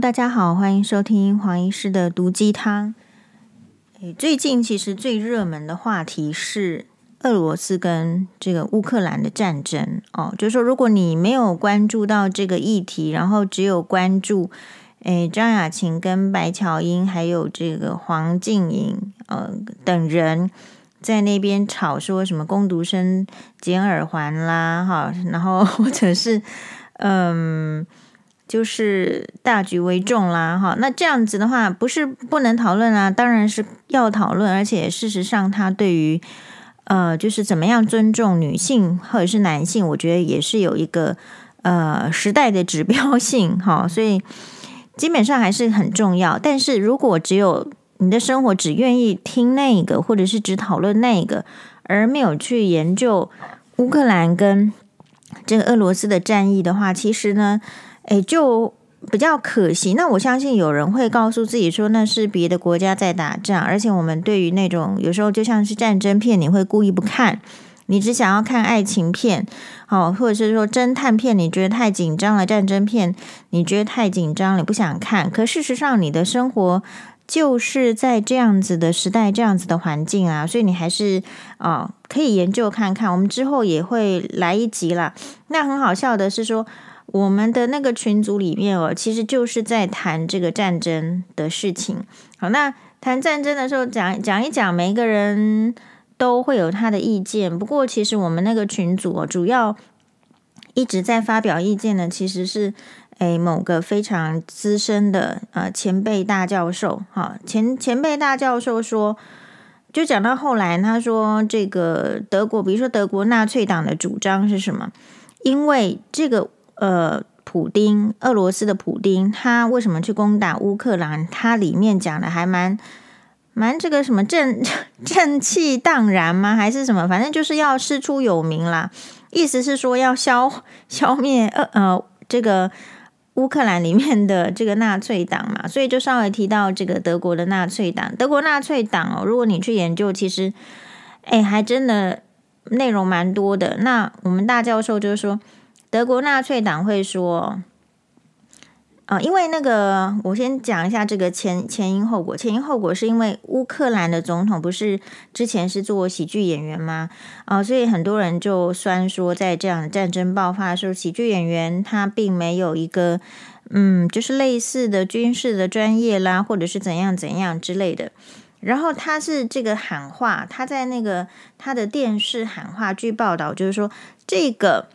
大家好，歡迎收聽黃醫師的毒雞湯。最近其實最熱門的話題是俄羅斯跟這個烏克蘭的戰爭哦。就是說，如果你沒有關注到這個議題，然後只有關注誒張雅琴跟白喬英還有這個黃瀞瑩呃等人在那邊吵說什麼工讀生撿耳環啦，哈，然後或者是嗯。就是大局為重啦，哈，那這樣子的話，不是不能討論啊，當然是要討論，而且事實上，他對於呃，就是怎麼樣尊重女性或者是男性，我覺得也是有一個呃時代的指標性，哈，所以基本上還是很重要。但是如果只有你的生活只願意聽那個，或者是只討論那個，而沒有去研究烏克蘭跟這個俄羅斯的戰役的話，其實呢。誒，就比較可惜。那我相信有人會告訴自己說，那是別的國家在打仗，而且我們對於那種有時候就像是戰爭片，你會故意不看，你只想要看愛情片，哦，或者是說偵探片，你覺得太緊張了；戰爭片，你覺得太緊張，你不想看。可事實上，你的生活就是在這樣子的時代，這樣子的環境啊，所以你還是啊、哦，可以研究看看。我們之後也會來一集啦。那很好笑的是說。我們的那個群組裡面哦，其實就是在談這個戰爭的事情。好，那談戰爭的時候講，講講一講，每一個人都會有他的意見。不過，其實我們那個群組哦，主要一直在發表意見的，其實是誒某個非常資深的呃前輩大教授。哈，前前輩大教授說，就講到後來，他說這個德國，比如說德國納粹黨的主張是什麼？因為這個。呃，普丁，俄羅斯的普丁，他為什麼去攻打烏克蘭？他裡面講的還蠻蠻這個什麼正正氣蕩然嗎？還是什麼？反正就是要師出有名啦。意思是說要消消滅呃呃這個烏克蘭裡面的這個納粹黨嘛。所以就稍微提到這個德國的納粹黨，德國納粹黨哦。如果你去研究，其實哎，還真的內容蠻多的。那我們大教授就是說。德國納粹黨會說，啊、呃，因為那個，我先講一下這個前前因後果。前因後果是因為烏克蘭的總統不是之前是做喜劇演員嗎？啊、呃，所以很多人就酸說，在這樣的戰爭爆發的時候，喜劇演員他並沒有一個，嗯，就是類似的軍事的專業啦，或者是怎樣怎樣之類的。然後他是這個喊話，他在那個他的電視喊話，據報道就是說這個。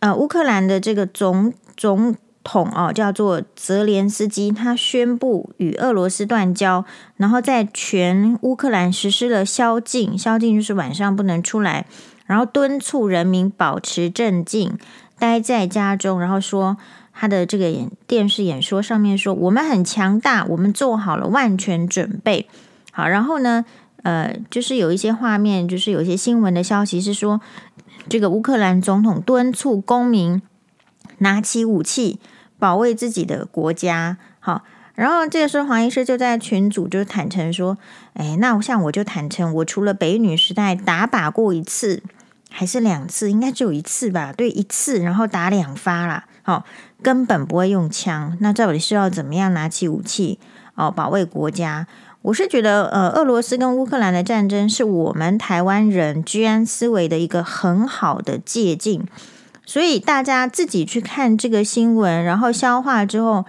呃，烏克蘭的這個總總統哦，叫做澤連斯基，他宣布與俄羅斯斷交，然後在全烏克蘭實施了宵禁，宵禁就是晚上不能出來，然後敦促人民保持鎮靜，待在家中。然後說他的這個演電視演說上面說：“我們很強大，我們做好了萬全準備。”好，然後呢，呃，就是有一些畫面，就是有一些新聞的消息是說。這個烏克蘭總統敦促公民拿起武器保衛自己的國家。好，然後這個時候，黃醫師就在群組就坦誠說：“哎，那我像我就坦誠，我除了北女時代打靶過一次，還是兩次，應該只有一次吧？對，一次，然後打兩發啦。好，根本不會用槍。那到底是要怎麼樣拿起武器哦保衛國家？”我是覺得，呃，俄羅斯跟烏克蘭的戰爭是我們台灣人居安思危的一個很好的借鑑，所以大家自己去看這個新聞，然後消化之後，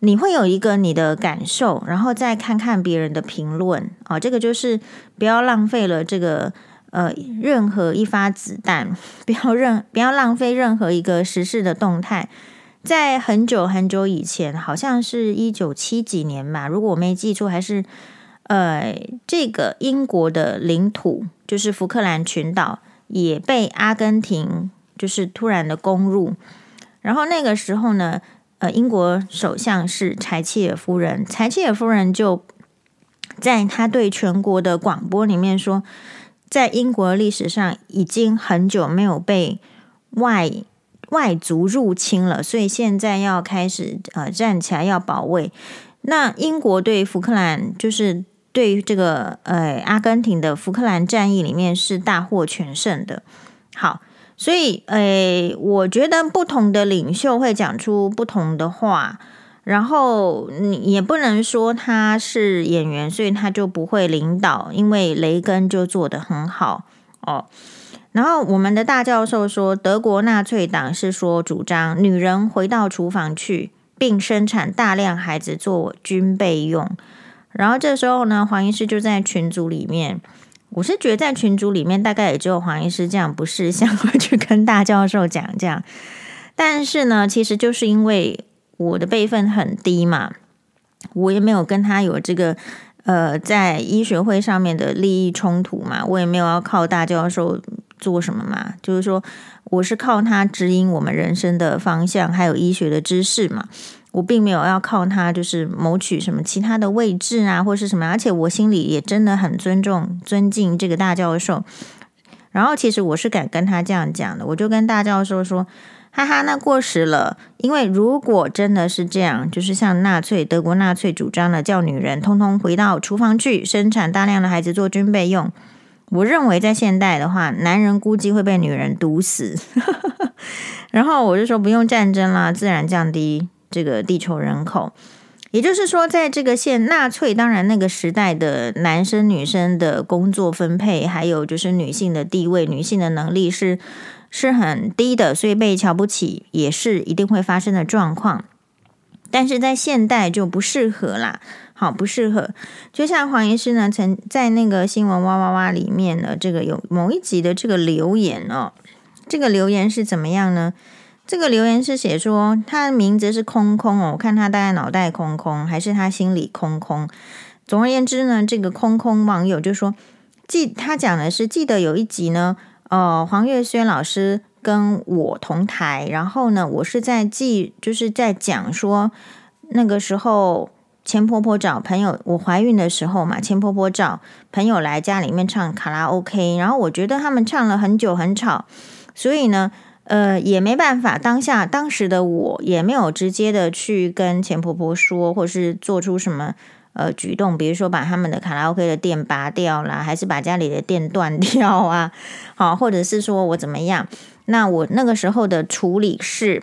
你會有一個你的感受，然後再看看別人的評論啊，哦，這個就是不要浪費了這個呃任何一發子彈，不要任不要浪費任何一個時事的動態。在很久很久以前，好像是一九七幾年吧，如果我沒記錯，還是呃，這個英國的領土，就是福克蘭群島，也被阿根廷就是突然的攻入。然後那個時候呢，呃，英國首相是柴契爾夫人，柴契爾夫人就在她對全國的廣播裡面說，在英國歷史上已經很久沒有被外。外族入侵了，所以現在要開始呃站起來，要保衛。那英國對福克蘭，就是對這個呃阿根廷的福克蘭戰役裡面是大獲全勝的。好，所以呃，我覺得不同的領袖會講出不同的話，然後你也不能說他是演員，所以他就不會領導，因為雷根就做得很好哦。然後我們的大教授說，德國納粹黨是說主張女人回到廚房去，並生產大量孩子做軍備用。然後這時候呢，黃醫師就在群組裡面，我是覺得在群組裡面，大概也只有黃醫師這樣不識相去跟大教授講這樣。但是呢，其實就是因為我的輩分很低嘛，我也沒有跟他有這個呃在醫學會上面的利益衝突嘛，我也沒有要靠大教授做什麼嘛？就是說，我是靠他指引我們人生的方向，還有醫學的知識嘛。我並沒有要靠他，就是謀取什麼其他的位置啊，或是什麼。而且我心裡也真的很尊重、尊敬這個大教授。然後，其實我是敢跟他這樣講的。我就跟大教授說：“哈哈，那過時了。因為如果真的是這樣，就是像納粹德國納粹主張的，叫女人通通回到廚房去生產大量的孩子做軍備用。”我認為在現代的話，男人估計會被女人毒死， 然後我就說不用戰爭啦，自然降低這個地球人口。也就是說，在這個現納粹，當然那個時代的男生女生的工作分配，還有就是女性的地位、女性的能力是是很低的，所以被瞧不起也是一定會發生的狀況。但是在現代就不適合啦。好，不適合，就像黃醫師呢，曾在那個新聞哇哇哇裡面呢，這個有某一集的這個留言哦，這個留言是怎麼樣呢？這個留言是寫說，他的名字是空空哦，我看他大概腦袋空空，還是他心裡空空。總而言之呢，這個空空網友就說，記，他講的是記得有一集呢，呃，黃越綏老師跟我同台，然後呢，我是在記，就是在講說那個時候。錢婆婆找朋友，我懷孕的時候嘛，前婆婆找朋友來家裡面唱卡拉 OK，然後我覺得他們唱了很久很吵，所以呢，呃，也沒辦法。當下當時的我也沒有直接的去跟前婆婆說，或者是做出什麼呃舉動，比如說把他們的卡拉 OK 的電拔掉啦，還是把家裡的電斷掉啊，好，或者是說我怎麼樣？那我那個時候的處理是。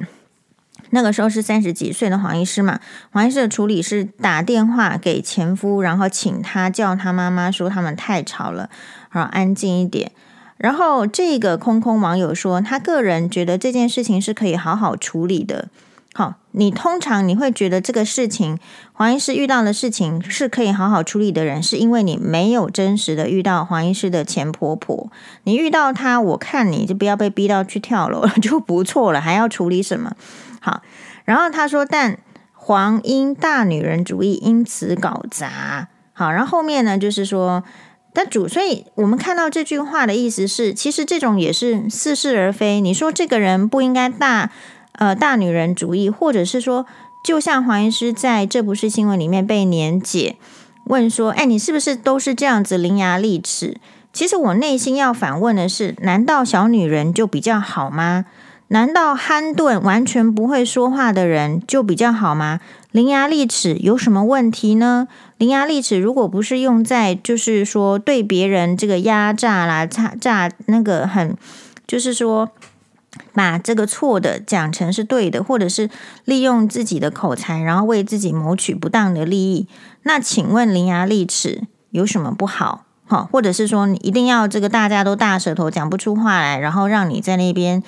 那個時候是三十幾歲的黃醫師嘛？黃醫師的處理是打電話給前夫，然後請他叫他媽媽說他們太吵了，好，安靜一點。然後這個空空網友說，他個人覺得這件事情是可以好好處理的。好，你通常你會覺得這個事情，黃醫師遇到的事情是可以好好處理的人，是因為你沒有真實的遇到黃醫師的前婆婆。你遇到她，我看你就不要被逼到去跳樓了，就不錯了，還要處理什麼？好，然後他說，但黃英大女人主義因此搞砸。好，然後後面呢，就是說，但主，所以我們看到這句話的意思是，其實這種也是似是而非。你說這個人不應該大，呃，大女人主義，或者是說，就像黃醫師在這不是新聞裡面被連姐問說，哎，你是不是都是這樣子伶牙俐齒？其實我內心要反問的是，難道小女人就比較好嗎？難道憨鈍完全不會說話的人就比較好嗎？伶牙俐齒有什麼問題呢？伶牙俐齒如果不是用在就是說對別人這個壓榨啦、差榨，榨那個很，就是說把這個錯的講成是對的，或者是利用自己的口才，然後為自己謀取不當的利益，那請問伶牙俐齒有什麼不好？好，哦，或者是說你一定要這個大家都大舌頭講不出話來，然後讓你在那邊。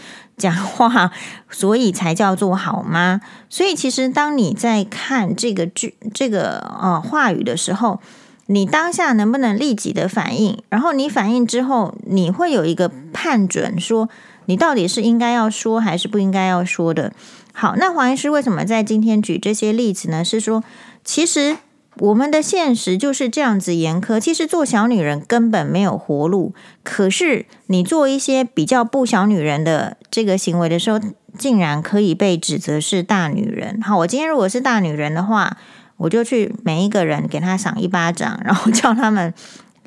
講話，所以才叫做好嗎？所以其實當你在看這個句、這個呃話語的時候，你當下能不能立即的反應？然後你反應之後，你會有一個判準，說你到底是應該要說還是不應該要說的。好，那黃醫師為什麼在今天舉這些例子呢？是說其實。我們的現實就是這樣子嚴苛。其實做小女人根本沒有活路，可是你做一些比較不小女人的這個行為的時候，竟然可以被指責是大女人。好，我今天如果是大女人的話，我就去每一個人給他賞一巴掌，然後叫他們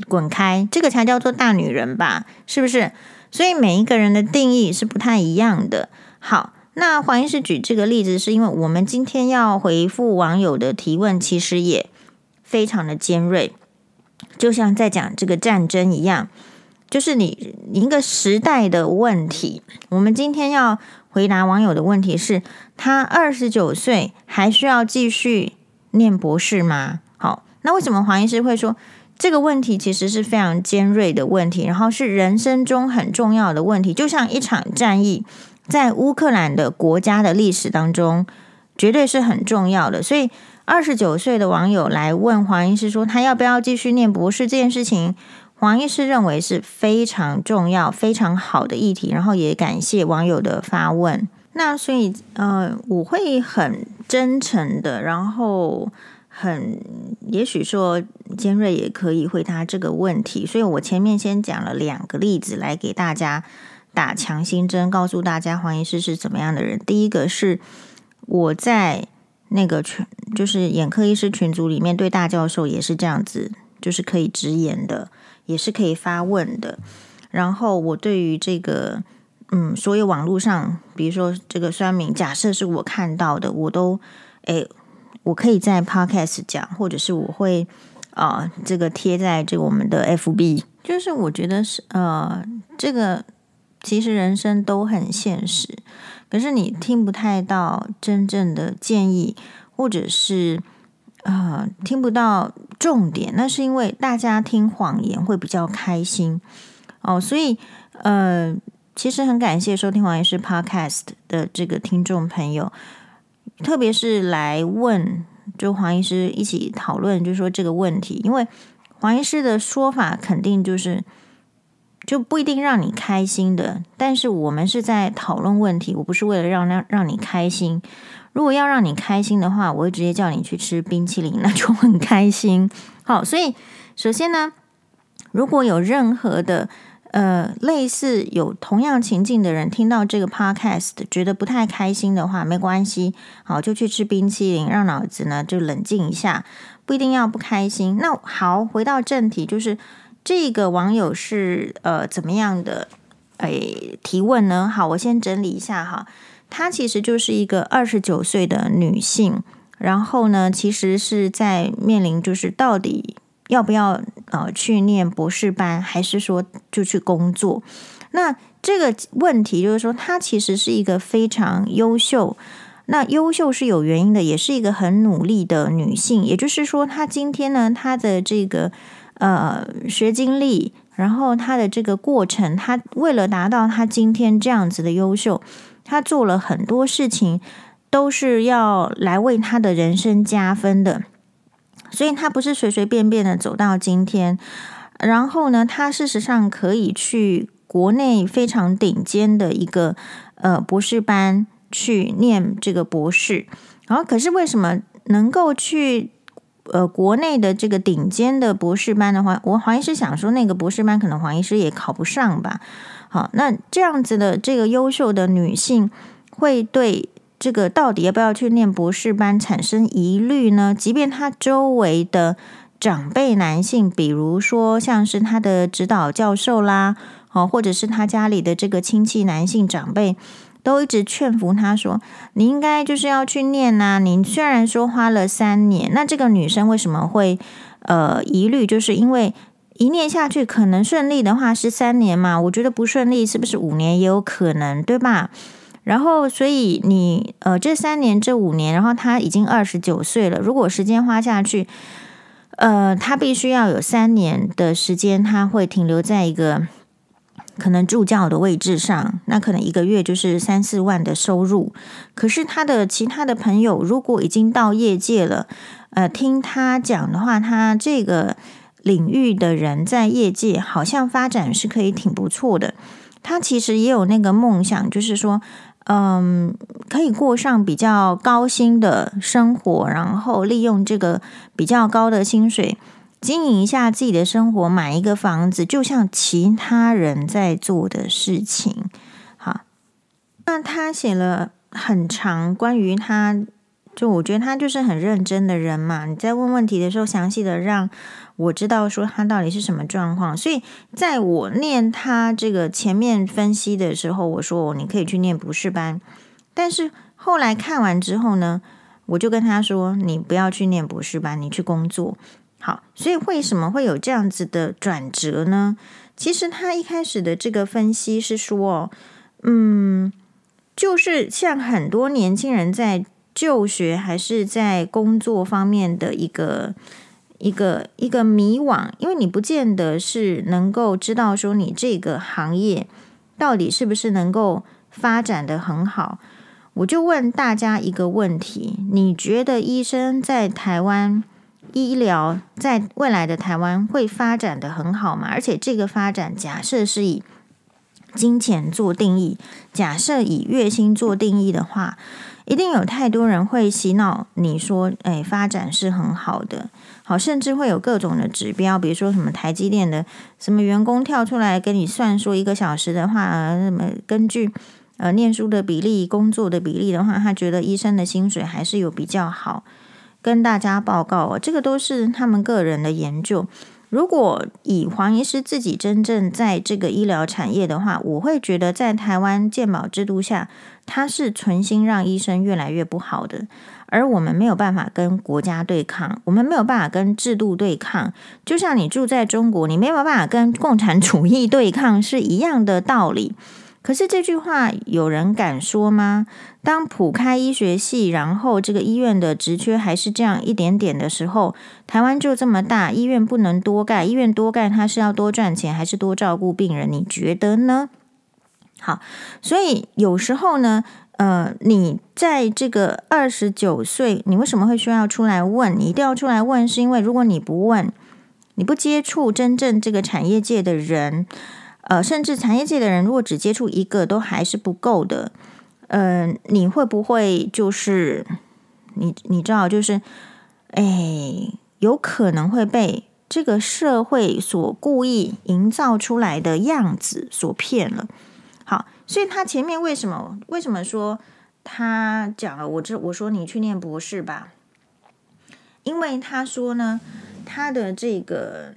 滾開，這個才叫做大女人吧？是不是？所以每一個人的定義是不太一樣的。好，那黃醫師舉這個例子，是因為我們今天要回復網友的提問，其實也。非常的尖銳，就像在講這個戰爭一樣，就是你，你一個時代的問題。我們今天要回答網友的問題是：他二十九歲還需要繼續念博士嗎？好，那為什麼黃醫師會說這個問題其實是非常尖銳的問題，然後是人生中很重要的問題？就像一場戰役，在烏克蘭的國家的歷史當中，絕對是很重要的。所以。二十九歲的網友來問黃醫師說：“他要不要繼續唸博士？”這件事情，黃醫師認為是非常重要、非常好的議題。然後也感謝網友的發問。那所以，呃，我會很真誠的，然後很也許說尖銳也可以回答這個問題。所以我前面先講了兩個例子來給大家打強心針，告訴大家黃醫師是怎麼樣的人。第一個是我在。那個群就是眼科醫師群組裡面，對大教授也是這樣子，就是可以直言的，也是可以發問的。然後我對於這個，嗯，所有網絡上，比如說這個酸民，假設是我看到的，我都，誒，我可以在 podcast 講，或者是我會啊、呃，這個貼在這個我們的 FB。就是我覺得是呃，這個其實人生都很現實。可是你聽不太到真正的建議，或者是啊、呃、聽不到重點，那是因為大家聽謊言會比較開心哦。所以呃，其實很感謝收聽黃醫師 podcast 的這個聽眾朋友，特別是來問就黃醫師一起討論，就是說這個問題，因為黃醫師的說法肯定就是。就不一定讓你開心的，但是我們是在討論問題，我不是為了讓讓讓你開心。如果要讓你開心的話，我會直接叫你去吃冰淇淋，那就很開心。好，所以首先呢，如果有任何的呃類似有同樣情境的人聽到這個 podcast，覺得不太開心的話，沒關係，好，就去吃冰淇淋，讓腦子呢就冷靜一下，不一定要不開心。那好，回到正題就是。這個網友是呃怎麼樣的誒提問呢？好，我先整理一下哈。她其實就是一個二十九歲的女性，然後呢，其實是在面臨就是到底要不要呃去念博士班，還是說就去工作？那這個問題就是說，她其實是一個非常優秀，那優秀是有原因的，也是一個很努力的女性。也就是說，她今天呢，她的這個。呃，學經歷，然後他的這個過程，他為了達到他今天這樣子的優秀，他做了很多事情，都是要來為他的人生加分的。所以，他不是隨隨便便的走到今天。然後呢，他事實上可以去國內非常頂尖的一個呃博士班去念這個博士。然後，可是為什麼能夠去？呃，國內的這個頂尖的博士班的話，我黃醫師想說，那個博士班可能黃醫師也考不上吧。好，那這樣子的這個優秀的女性，會對這個到底要不要去念博士班產生疑慮呢？即便她周圍的長輩男性，比如說像是她的指導教授啦，哦，或者是她家裡的這個親戚男性長輩。都一直勸服他說：“你應該就是要去念吶。你雖然說花了三年，那這個女生為什麼會呃疑慮？就是因為一念下去，可能順利的話是三年嘛。我覺得不順利，是不是五年也有可能，對吧？然後，所以你呃這三年這五年，然後她已經二十九歲了。如果時間花下去，呃，她必須要有三年的時間，她會停留在一個。”可能助教的位置上，那可能一個月就是三四萬的收入。可是他的其他的朋友如果已經到業界了，呃，聽他講的話，他這個領域的人在業界好像發展是可以挺不錯的。他其實也有那個夢想，就是說，嗯，可以過上比較高薪的生活，然後利用這個比較高的薪水。經營一下自己的生活，買一個房子，就像其他人在做的事情。好，那他寫了很長關於他，就我覺得他就是很認真的人嘛。你在問問題的時候，詳細的讓我知道說他到底是什麼狀況。所以在我念他這個前面分析的時候，我說，你可以去念博士班，但是後來看完之後呢，我就跟他說，你不要去念博士班，你去工作。好，所以為什麼會有這樣子的轉折呢？其實他一開始的這個分析是說，嗯，就是像很多年輕人在就學還是在工作方面的一個一個一個迷惘，因為你不見得是能夠知道說你這個行業到底是不是能夠發展的很好。我就問大家一個問題，你覺得醫生在台灣？醫療在未來的台灣會發展得很好嘛，而且這個發展假設是以金錢做定義，假設以月薪做定義的話，一定有太多人會洗腦你說，誒、哎，發展是很好的，好，甚至會有各種的指標，比如說什麼台積電的什麼員工跳出來跟你算說，一個小時的話，呃、什麼根據呃念書的比例、工作的比例的話，他覺得醫生的薪水還是有比較好。跟大家報告哦，這個都是他們個人的研究。如果以黃醫師自己真正在這個醫療產業的話，我會覺得在台灣健保制度下，他是存心讓醫生越來越不好的。而我們沒有辦法跟國家對抗，我們沒有辦法跟制度對抗，就像你住在中國，你沒有辦法跟共產主義對抗是一樣的道理。可是這句話有人敢說嗎？當普開醫學系，然後這個醫院的職缺還是這樣一點點的時候，台灣就這麼大，醫院不能多蓋。醫院多蓋，它是要多賺錢，還是多照顧病人？你覺得呢？好，所以有時候呢，呃，你在這個二十九歲，你為什麼會需要出來問？你一定要出來問，是因為如果你不問，你不接觸真正這個產業界的人。呃，甚至產業界的人，如果只接觸一個，都還是不夠的。嗯、呃，你會不會就是你你知道就是，哎，有可能會被這個社會所故意營造出來的樣子所騙了。好，所以他前面為什麼為什麼說他講了我這我說你去念博士吧？因為他說呢，他的這個。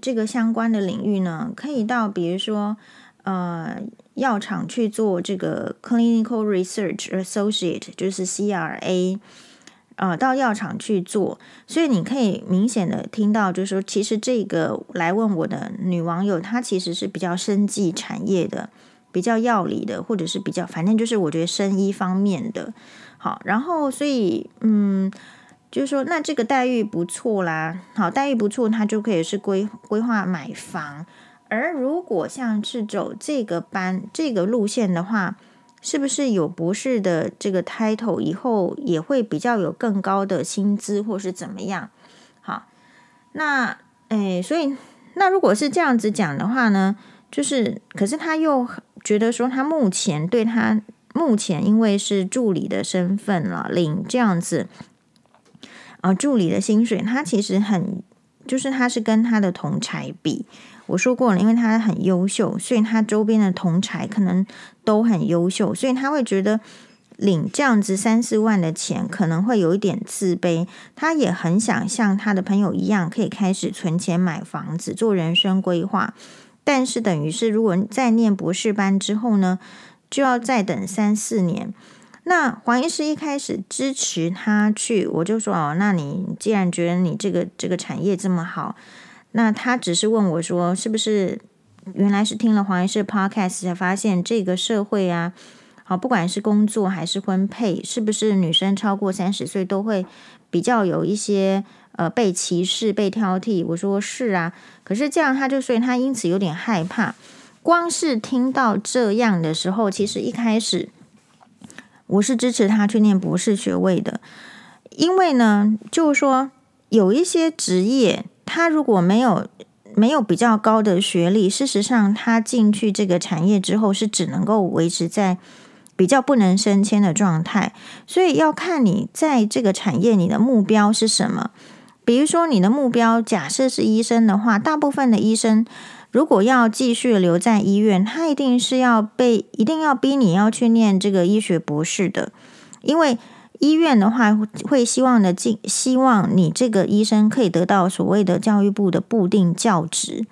這個相關的領域呢，可以到比如說，呃，藥廠去做這個 clinical research associate，就是 CRA，呃，到藥廠去做。所以你可以明顯的聽到，就是說，其實這個來問我的女網友，她其實是比較生技產業的，比較藥理的，或者是比較，反正就是我覺得生醫方面的。好，然後所以，嗯。就是說，那這個待遇不錯啦，好，待遇不錯，他就可以是規規劃買房。而如果像是走這個班這個路線的話，是不是有博士的這個 title 以後也會比較有更高的薪資，或是怎麼樣？好，那哎，所以那如果是這樣子講的話呢，就是可是他又覺得說，他目前對他目前因為是助理的身份了，領這樣子。啊，助理的薪水，他其實很，就是他是跟他的同儕比，我說過了，因為他很優秀，所以他周邊的同儕可能都很優秀，所以他會覺得領這樣子三四萬的錢可能會有一點自卑，他也很想像他的朋友一樣，可以開始存錢買房子做人生規劃，但是等於是如果在念博士班之後呢，就要再等三四年。那黃醫師一開始支持他去，我就說哦，那你既然覺得你這個這個產業這麼好，那他只是問我說，是不是原來是聽了黃醫師 podcast 才發現這個社會啊，好，不管是工作還是婚配，是不是女生超過三十歲都會比較有一些呃被歧視、被挑剔？我說是啊，可是這樣他就所以他因此有點害怕，光是聽到這樣的時候，其實一開始。我是支持他去念博士學位的，因為呢，就是說有一些職業，他如果沒有沒有比較高的學歷，事實上他進去這個產業之後是只能夠維持在比較不能升遷的狀態，所以要看你在這個產業你的目標是什麼。比如說你的目標假設是醫生的話，大部分的醫生。如果要繼續留在醫院，他一定是要被，一定要逼你要去念這個醫學博士的，因為醫院的話，會希望的進，希望你這個醫生可以得到所謂的教育部的部定教職。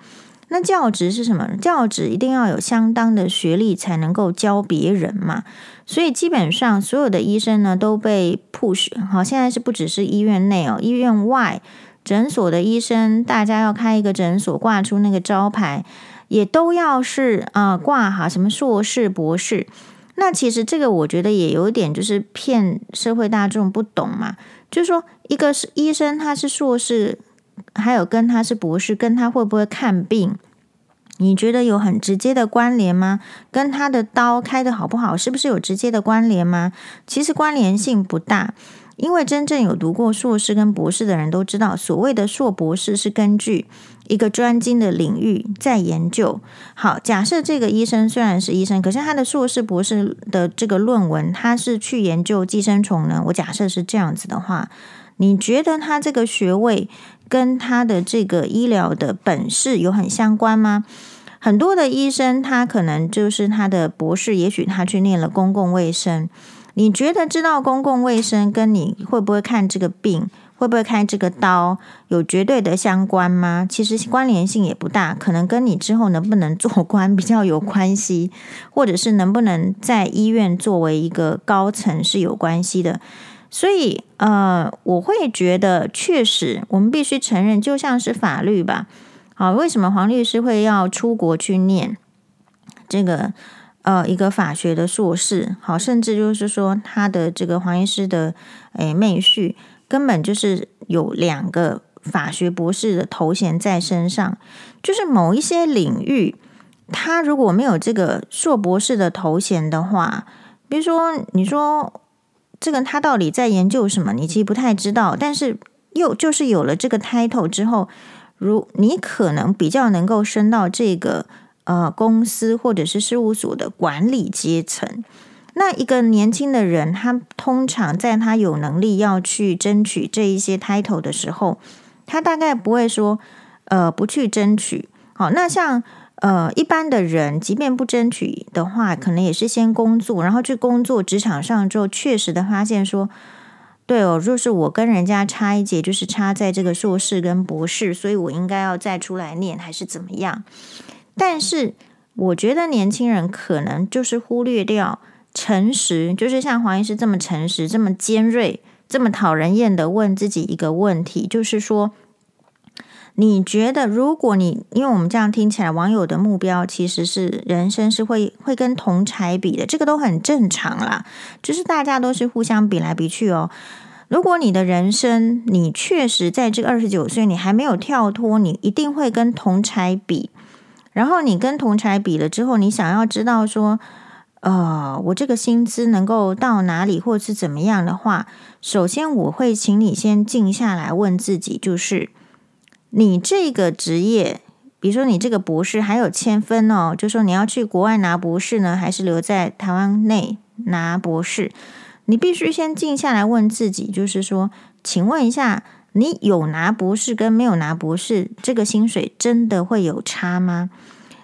那教職是什麼？教職一定要有相當的學歷才能夠教別人嘛。所以基本上所有的醫生呢都被 push。好，現在是不只是醫院內哦，醫院外，診所的醫生，大家要開一個診所，掛出那個招牌，也都要是啊、呃、掛好什麼碩士、博士。那其實這個我覺得也有點就是騙社會大眾不懂嘛。就是說，一個是醫生他是碩士，還有跟他是博士，跟他會不會看病，你覺得有很直接的關聯嗎？跟他的刀開得好不好，是不是有直接的關聯嗎？其實關聯性不大。因為真正有讀過碩士跟博士的人都知道，所謂的碩博士是根據一個專精的領域在研究。好，假設這個醫生雖然是醫生，可是他的碩士博士的這個論文，他是去研究寄生蟲呢？我假設是這樣子的話，你覺得他這個學位跟他的這個醫療的本事有很相關嗎？很多的醫生，他可能就是他的博士，也許他去念了公共衛生。你覺得知道公共衛生跟你會不會看這個病，會不會開這個刀，有絕對的相關嗎？其實關聯性也不大，可能跟你之後能不能做官比較有關係，或者是能不能在醫院作為一個高層是有關係的。所以，呃，我會覺得確實我們必須承認，就像是法律吧。啊，為什麼黃律師會要出國去念這個？呃，一個法學的碩士，好，甚至就是說，他的這個黃醫師的，哎，妹婿根本就是有兩個法學博士的頭銜在身上，就是某一些領域，他如果沒有這個碩博士的頭銜的話，比如說，你說這個他到底在研究什麼？你其實不太知道，但是又就是有了這個 title 之後，如你可能比較能夠升到這個。呃，公司或者是事務所的管理階層，那一個年輕的人，他通常在他有能力要去爭取這一些 title 的時候，他大概不會說，呃，不去爭取。好，那像呃一般的人，即便不爭取的話，可能也是先工作，然後去工作職場上之後，確實的發現說，對哦，就是我跟人家差一截，就是差在這個碩士跟博士，所以我應該要再出來念，還是怎麼樣？但是我覺得年輕人可能就是忽略掉誠實，就是像黃醫師這麼誠實、這麼尖銳、這麼討人厭的問自己一個問題，就是說，你覺得如果你因為我們這樣聽起來，網友的目標其實是人生是會會跟同儕比的，這個都很正常啦，就是大家都是互相比來比去哦。如果你的人生你確實在這個二十九歲你還沒有跳脫，你一定會跟同儕比。然後你跟同儕比了之後，你想要知道說，呃，我這個薪資能夠到哪裡，或是怎麼樣的話，首先我會請你先靜下來問自己，就是你這個職業，比如說你這個博士還有千分哦，就是說你要去國外拿博士呢，還是留在台灣內拿博士？你必須先靜下來問自己，就是說，請問一下。你有拿博士跟沒有拿博士，這個薪水真的會有差嗎？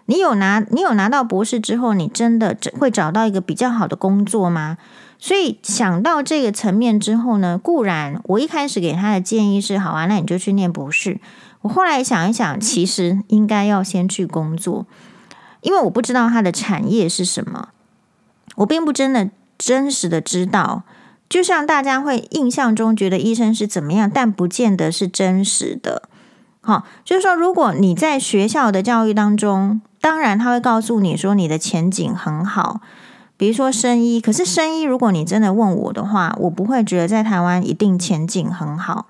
你有拿，你有拿到博士之後，你真的會找到一個比較好的工作嗎？所以想到這個層面之後呢，固然我一開始給他的建議是好啊，那你就去念博士。我後來想一想，其實應該要先去工作，因為我不知道它的產業是什麼，我並不真的真實的知道。就像大家會印象中覺得醫生是怎麼樣，但不見得是真實的。好、哦，就是說，如果你在學校的教育當中，當然他會告訴你說你的前景很好，比如說生醫。可是生醫，如果你真的問我的話，我不會覺得在台灣一定前景很好。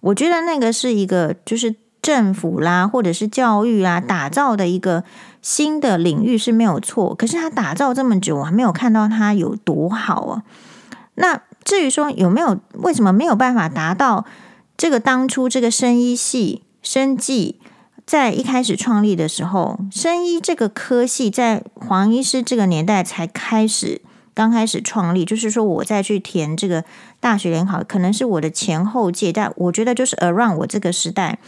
我覺得那個是一個就是政府啦，或者是教育啊，打造的一個新的領域是沒有錯。可是他打造這麼久，我還沒有看到他有多好啊。那。至於說有沒有為什麼沒有辦法達到這個當初這個生醫系生技在一開始創立的時候，生醫這個科系在黃醫師這個年代才開始剛開始創立，就是說我再去填這個大學聯考，可能是我的前後屆，但我覺得就是 around 我這個時代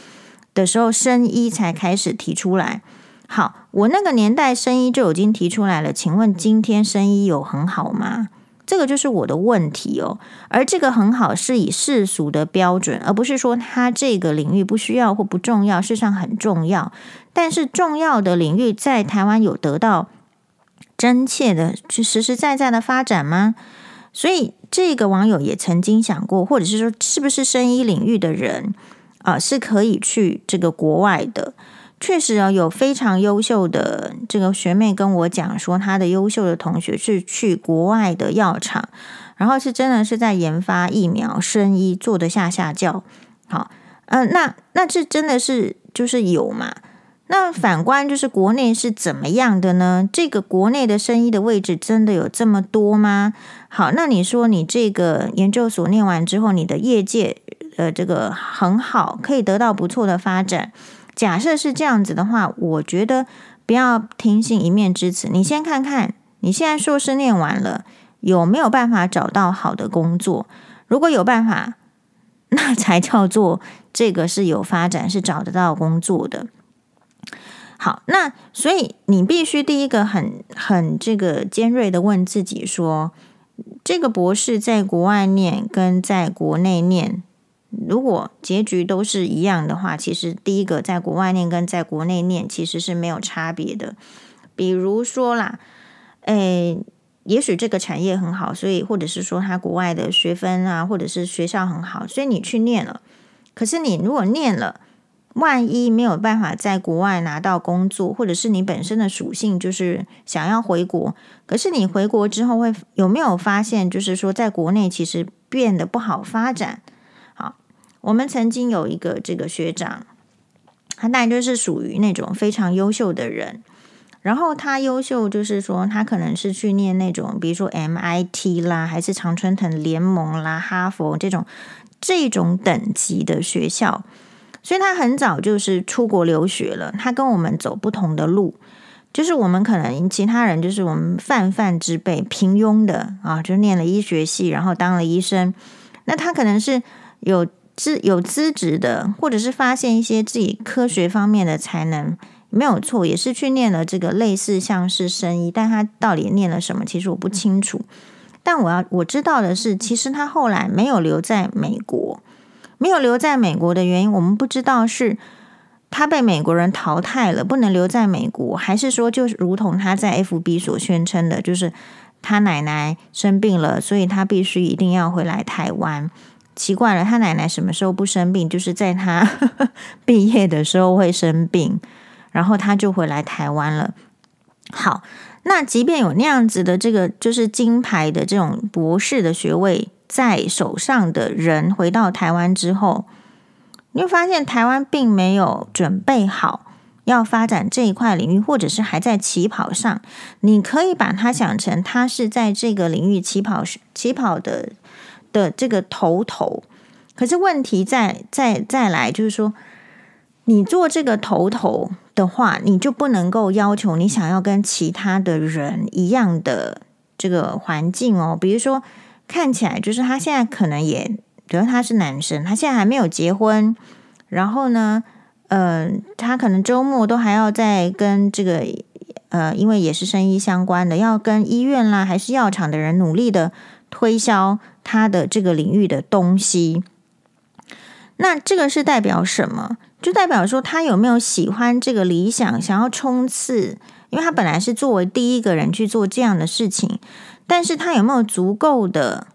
的時候，生醫才開始提出來。好，我那個年代生醫就已經提出來了，請問今天生醫有很好嗎？這個就是我的問題哦，而這個很好，是以世俗的標準，而不是說他這個領域不需要或不重要。事實上很重要，但是重要的領域在台灣有得到真切的去實實在在的發展嗎？所以這個網友也曾經想過，或者是說，是不是生醫領域的人啊、呃、是可以去這個國外的？確實啊，有非常優秀的這個學妹跟我講說，她的優秀的同學是去國外的藥廠，然後是真的是在研發疫苗，生醫做的下下叫，好，嗯、呃，那那這真的是就是有嘛？那反觀就是國內是怎麼樣的呢？這個國內的生醫的位置真的有這麼多嗎？好，那你說你這個研究所念完之後，你的業界呃這個很好，可以得到不錯的發展。假設是這樣子的話，我覺得不要聽信一面之詞。你先看看你現在碩士念完了，有沒有辦法找到好的工作？如果有辦法，那才叫做這個是有發展，是找得到工作的。好，那所以你必須第一個很，很這個尖銳的問自己說：這個博士在國外念跟在國內念？如果結局都是一樣的話，其實第一個在國外念跟在國內念其實是沒有差別的。比如說啦，誒，也許這個產業很好，所以或者是說他國外的學分啊，或者是學校很好，所以你去念了。可是你如果念了，萬一沒有辦法在國外拿到工作，或者是你本身的屬性就是想要回國，可是你回國之後會有沒有發現，就是說在國內其實變得不好發展？我們曾經有一個這個學長，他當然就是屬於那種非常優秀的人。然後他優秀就是說，他可能是去念那種，比如說 MIT 啦，還是常春藤聯盟啦、哈佛這種這種等級的學校。所以他很早就是出國留學了。他跟我們走不同的路，就是我們可能其他人就是我們泛泛之輩、平庸的啊，就念了醫學系，然後當了醫生。那他可能是有。資有資質的，或者是發現一些自己科學方面的才能，沒有錯，也是去念了這個類似像是生醫，但他到底念了什麼，其實我不清楚。嗯、但我要我知道的是，其實他後來沒有留在美國，沒有留在美國的原因，我們不知道是他被美國人淘汰了，不能留在美國，還是說，就是如同他在 FB 所宣稱的，就是他奶奶生病了，所以他必須一定要回來台灣。奇怪了，他奶奶什麼時候不生病？就是在他 畢業的時候會生病，然後他就回來台灣了。好，那即便有那樣子的這個就是金牌的這種博士的學位在手上的人回到台灣之後，你會發現台灣並沒有準備好要發展這一塊領域，或者是還在起跑上。你可以把它想成，他是在這個領域起跑起跑的。的這個頭頭，可是問題再再再來，就是說，你做這個頭頭的話，你就不能夠要求你想要跟其他的人一樣的這個環境哦。比如說，看起來就是他現在可能也，比如他是男生，他現在還沒有結婚。然後呢，呃，他可能週末都還要再跟這個，呃，因為也是生意相關的，要跟醫院啦還是藥廠的人努力的推銷。他的這個領域的東西，那這個是代表什麼？就代表說他有沒有喜歡這個理想，想要衝刺？因為他本來是作為第一個人去做這樣的事情，但是他有沒有足夠的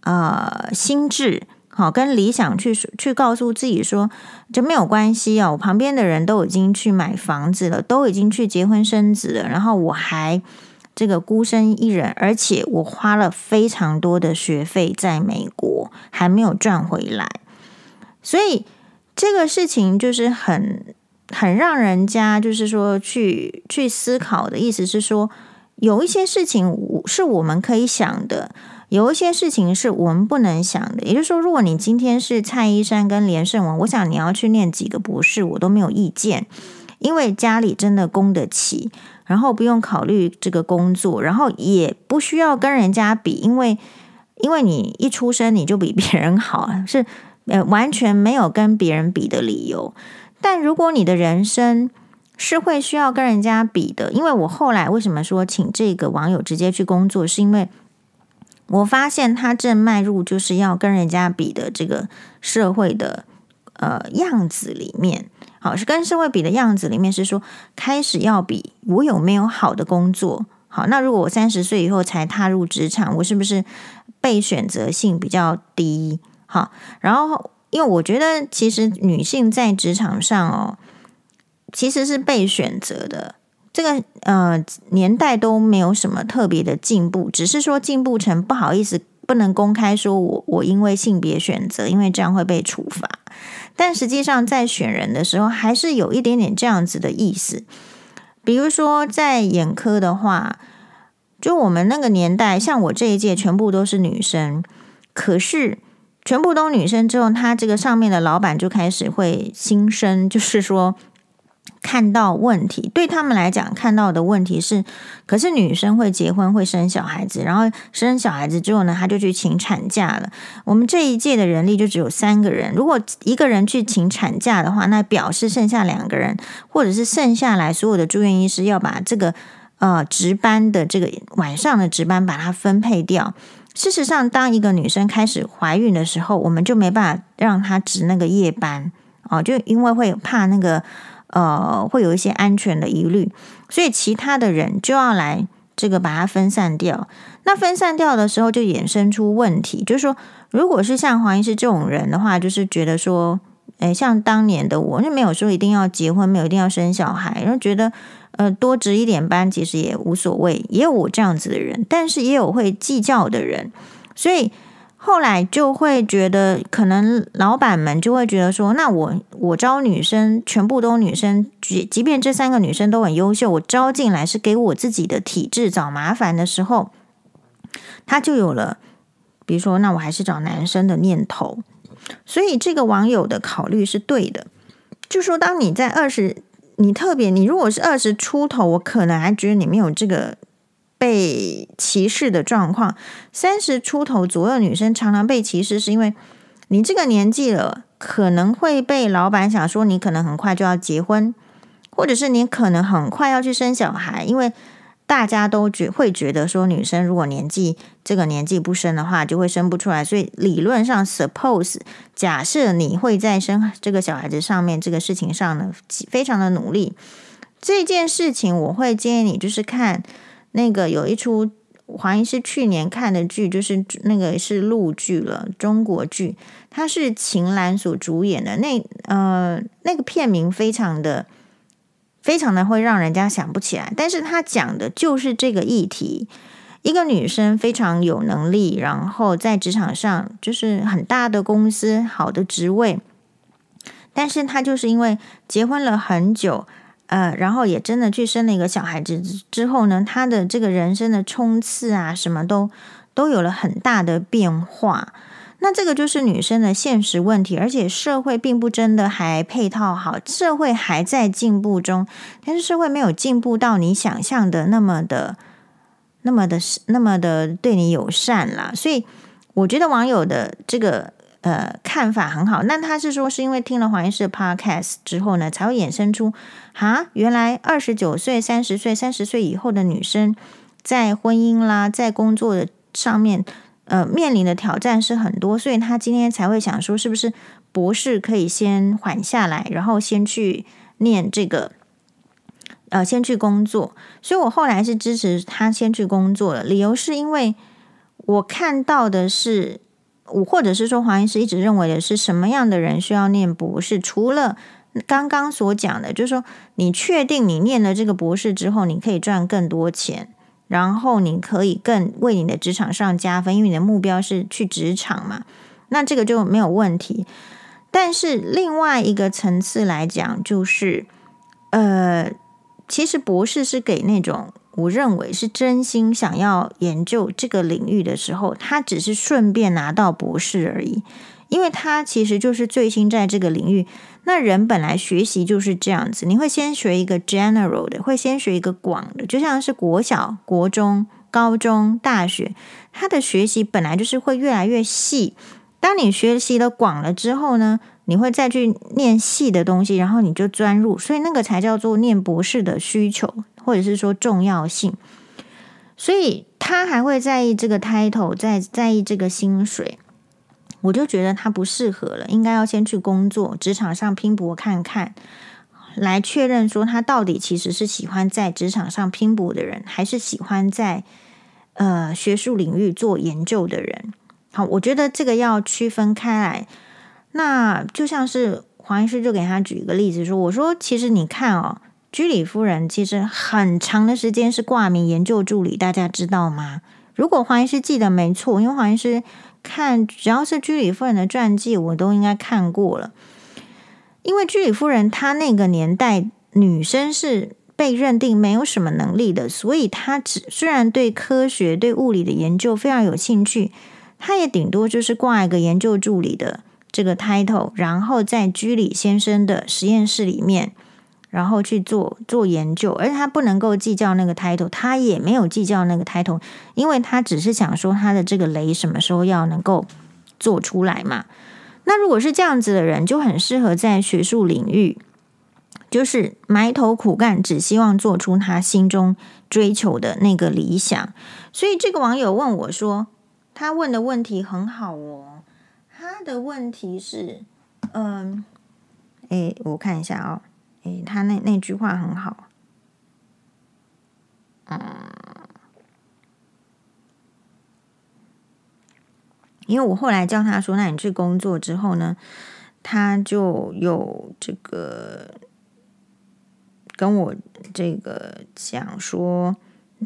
呃心智，好、哦、跟理想去去告訴自己說就沒有關係哦。我旁邊的人都已經去買房子了，都已經去結婚生子了，然後我還，這個孤身一人，而且我花了非常多的學費在美國，還沒有賺回來。所以這個事情就是很很讓人家就是說去去思考的意思是說，有一些事情是我們可以想的，有一些事情是我們不能想的。也就是說，如果你今天是蔡依珊跟連勝文，我想你要去念幾個博士，我都沒有意見，因為家裡真的供得起。然後不用考慮這個工作，然後也不需要跟人家比，因為因為你一出生你就比別人好啊，是呃完全沒有跟別人比的理由。但如果你的人生是會需要跟人家比的，因為我後來為什麼說請這個網友直接去工作，是因為我發現他正邁入就是要跟人家比的這個社會的呃樣子裡面。好，是跟社會比的樣子，裡面是說，開始要比我有沒有好的工作。好，那如果我三十歲以後才踏入職場，我是不是被選擇性比較低？好，然後因為我覺得其實女性在職場上哦，其實是被選擇的，這個呃年代都沒有什麼特別的進步，只是說進步成不好意思。不能公開說我，我我因為性別選擇，因為這樣會被處罰。但實際上，在選人的時候，還是有一點點這樣子的意思。比如說，在眼科的話，就我們那個年代，像我這一屆全部都是女生，可是全部都女生之後，他這個上面的老闆就開始會心生，就是說。看到問題，對他們來講，看到的問題是，可是女生會結婚，會生小孩子，然後生小孩子之後呢，她就去請產假了。我們這一屆的人力就只有三個人，如果一個人去請產假的話，那表示剩下兩個人，或者是剩下來所有的住院醫師要把這個呃值班的這個晚上的值班把它分配掉。事實上，當一個女生開始懷孕的時候，我們就沒辦法讓她值那個夜班哦，就因為會怕那個。呃，會有一些安全的疑慮，所以其他的人就要來這個把它分散掉。那分散掉的時候，就衍生出問題，就是說，如果是像黃醫師這種人的話，就是覺得說，誒，像當年的我，就沒有說一定要結婚，沒有一定要生小孩，然後覺得，呃，多值一點班其實也無所謂。也有我這樣子的人，但是也有會計較的人，所以。後來就會覺得，可能老闆們就會覺得說：“那我我招女生，全部都女生，即即便這三個女生都很優秀，我招進來是給我自己的體質找麻煩的時候，他就有了，比如說，那我還是找男生的念頭。所以這個網友的考慮是對的，就說當你在二十，你特別，你如果是二十出頭，我可能還覺得你沒有這個。”被歧視的狀況，三十出頭左右女生常常被歧視，是因為你這個年紀了，可能會被老板想說你可能很快就要結婚，或者是你可能很快要去生小孩，因為大家都覺會覺得說女生如果年紀這個年紀不生的話，就會生不出來。所以理論上，suppose 假設你會在生這個小孩子上面這個事情上呢，非常的努力，這件事情我會建議你就是看。那個有一出，我懷疑是去年看的劇，就是那個是陸劇了，中國劇，它是秦嵐所主演的。那呃，那個片名非常的、非常的會讓人家想不起來，但是他講的就是這個議題：一個女生非常有能力，然後在職場上就是很大的公司、好的職位，但是她就是因為結婚了很久。呃，然後也真的去生了一個小孩子之後呢，他的這個人生的衝刺啊，什麼都都有了很大的變化。那這個就是女生的現實問題，而且社會並不真的還配套好，社會還在進步中，但是社會沒有進步到你想象的那麼的、那麼的、那麼的對你友善啦。所以，我覺得網友的這個。呃，看法很好。那他是說，是因為聽了黃醫師的 podcast 之後呢，才會衍生出啊，原來二十九歲、三十歲、三十歲以後的女生，在婚姻啦，在工作的上面，呃，面臨的挑戰是很多，所以他今天才會想說，是不是博士可以先緩下來，然後先去念這個，呃，先去工作。所以我後來是支持他先去工作的，理由是因為我看到的是。我或者是說，華醫師一直認為的是什麼樣的人需要念博士？除了剛剛所講的，就是說你確定你念了這個博士之後，你可以賺更多錢，然後你可以更為你的職場上加分，因為你的目標是去職場嘛，那這個就沒有問題。但是另外一個層次來講，就是呃，其實博士是給那種。我認為是真心想要研究這個領域的時候，他只是順便拿到博士而已，因為他其實就是最新在這個領域。那人本來學習就是這樣子，你會先學一個 general 的，會先學一個廣的，就像是國小、國中、高中、大學，他的學習本來就是會越來越細。當你學習了廣了之後呢？你會再去念細的東西，然後你就鑽入，所以那個才叫做念博士的需求，或者是說重要性。所以他還會在意這個 title，在在意這個薪水。我就覺得他不適合了，應該要先去工作，職場上拼搏看看，來確認說他到底其實是喜歡在職場上拼搏的人，還是喜歡在呃學術領域做研究的人。好，我覺得這個要區分開來。那就像是黃醫師就給他舉一個例子說：“我說其實你看哦，居里夫人其實很長的時間是掛名研究助理，大家知道嗎？如果黃醫師記得沒錯，因為黃醫師看只要是居里夫人的傳記，我都應該看過了。因為居里夫人她那個年代女生是被認定沒有什麼能力的，所以她只雖然對科學對物理的研究非常有興趣，她也頂多就是掛一個研究助理的。”這個 title，然後在居里先生的實驗室裡面，然後去做做研究，而他不能夠計較那個 title，他也沒有計較那個 title，因為他只是想說他的這個鐳什麼時候要能夠做出來嘛。那如果是這樣子的人，就很適合在學術領域，就是埋頭苦幹，只希望做出他心中追求的那個理想。所以這個網友問我說，他問的問題很好哦。他的問題是，嗯，誒，我看一下啊，哦，誒，他那那句話很好，嗯，因為我後來叫他說，那你去工作之後呢，他就有這個跟我這個講說，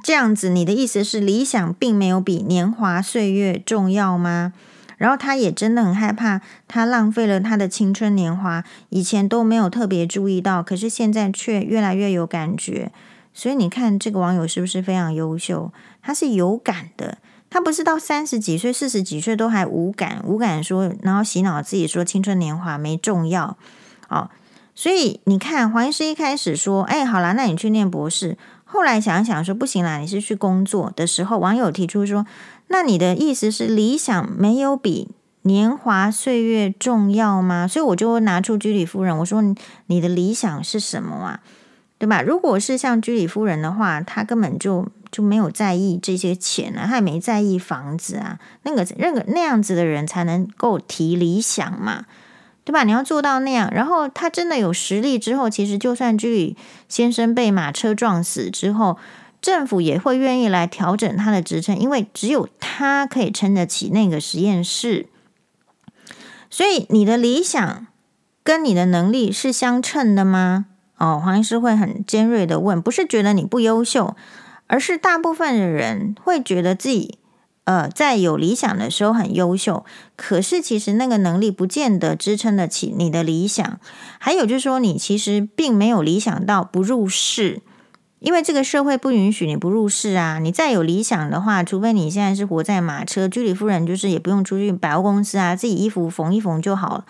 這樣子，你的意思是理想並沒有比年華歲月重要嗎？然後他也真的很害怕，他浪費了他的青春年華，以前都沒有特別注意到，可是現在卻越來越有感覺。所以你看這個網友是不是非常優秀？他是有感的，他不是到三十幾歲、四十幾歲都還無感、無感說，然後洗腦自己說青春年華沒重要啊。所以你看黃醫師一開始說，哎，好啦，那你去念博士，後來想一想說不行啦，你是去工作的時候，網友提出說。那你的意思是理想沒有比年華歲月重要嗎？所以我就拿出居里夫人，我說你的理想是什麼啊？對吧？如果是像居里夫人的話，她根本就就沒有在意這些錢啊，她也沒在意房子啊，那個那個那樣子的人才能夠提理想嘛，對吧？你要做到那樣，然後他真的有實力之後，其實就算居里先生被馬車撞死之後。政府也會願意來調整他的職稱，因為只有他可以撐得起那個實驗室。所以你的理想跟你的能力是相稱的嗎？哦，黃醫師會很尖銳地問，不是覺得你不優秀，而是大部分的人會覺得自己，呃，在有理想的時候很優秀，可是其實那個能力不見得支撐得起你的理想。還有就是說，你其實並沒有理想到不入世。因為這個社會不允許你不入世啊！你再有理想的話，除非你現在是活在馬車，居里夫人就是也不用出去百貨公司啊，自己衣服縫一縫就好了。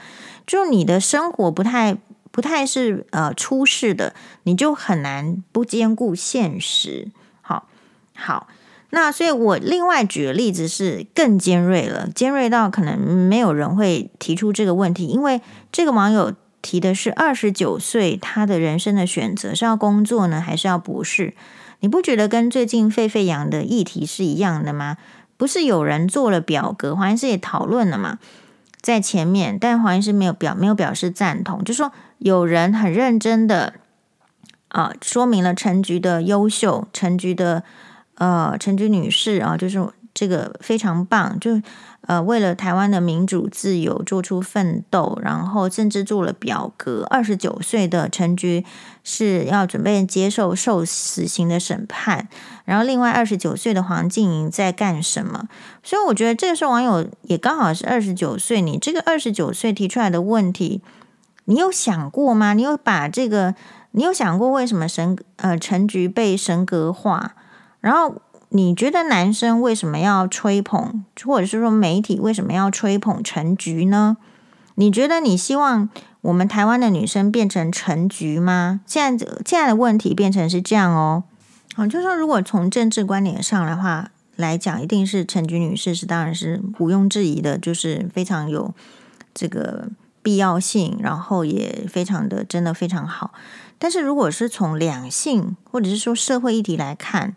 就你的生活不太不太是呃出世的，你就很難不兼顧現實。好，好，那所以我另外舉的例子是更尖銳了，尖銳到可能沒有人會提出這個問題，因為這個網友。提的是二十九歲，他的人生的選擇是要工作呢，還是要博士？你不覺得跟最近沸沸揚的議題是一樣的嗎？不是有人做了表格，黃瀞瑩也討論了嘛，在前面，但黃瀞瑩沒有表，沒有表示贊同，就是、說有人很認真的啊、呃，說明了陳菊的優秀，陳菊的呃，陳菊女士啊、呃，就是。這個非常棒，就呃，為了台灣的民主自由做出奮鬥，然後甚至做了表格。二十九歲的陳菊是要準備接受受死刑的審判，然後另外二十九歲的黃瀞瑩在幹什麼？所以我覺得這個時候網友也剛好是二十九歲，你這個二十九歲提出來的問題，你有想過嗎？你有把這個，你有想過為什麼神呃陳菊被神格化，然後？你覺得男生為什麼要吹捧，或者是說媒體為什麼要吹捧陳菊呢？你覺得你希望我們台灣的女生變成陳菊嗎？現在現在的問題變成是這樣哦，哦，就是說如果從政治觀點上的話來講，一定是陳菊女士是當然是毋庸置疑的，就是非常有這個必要性，然後也非常的真的非常好。但是如果是從兩性或者是說社會議題來看，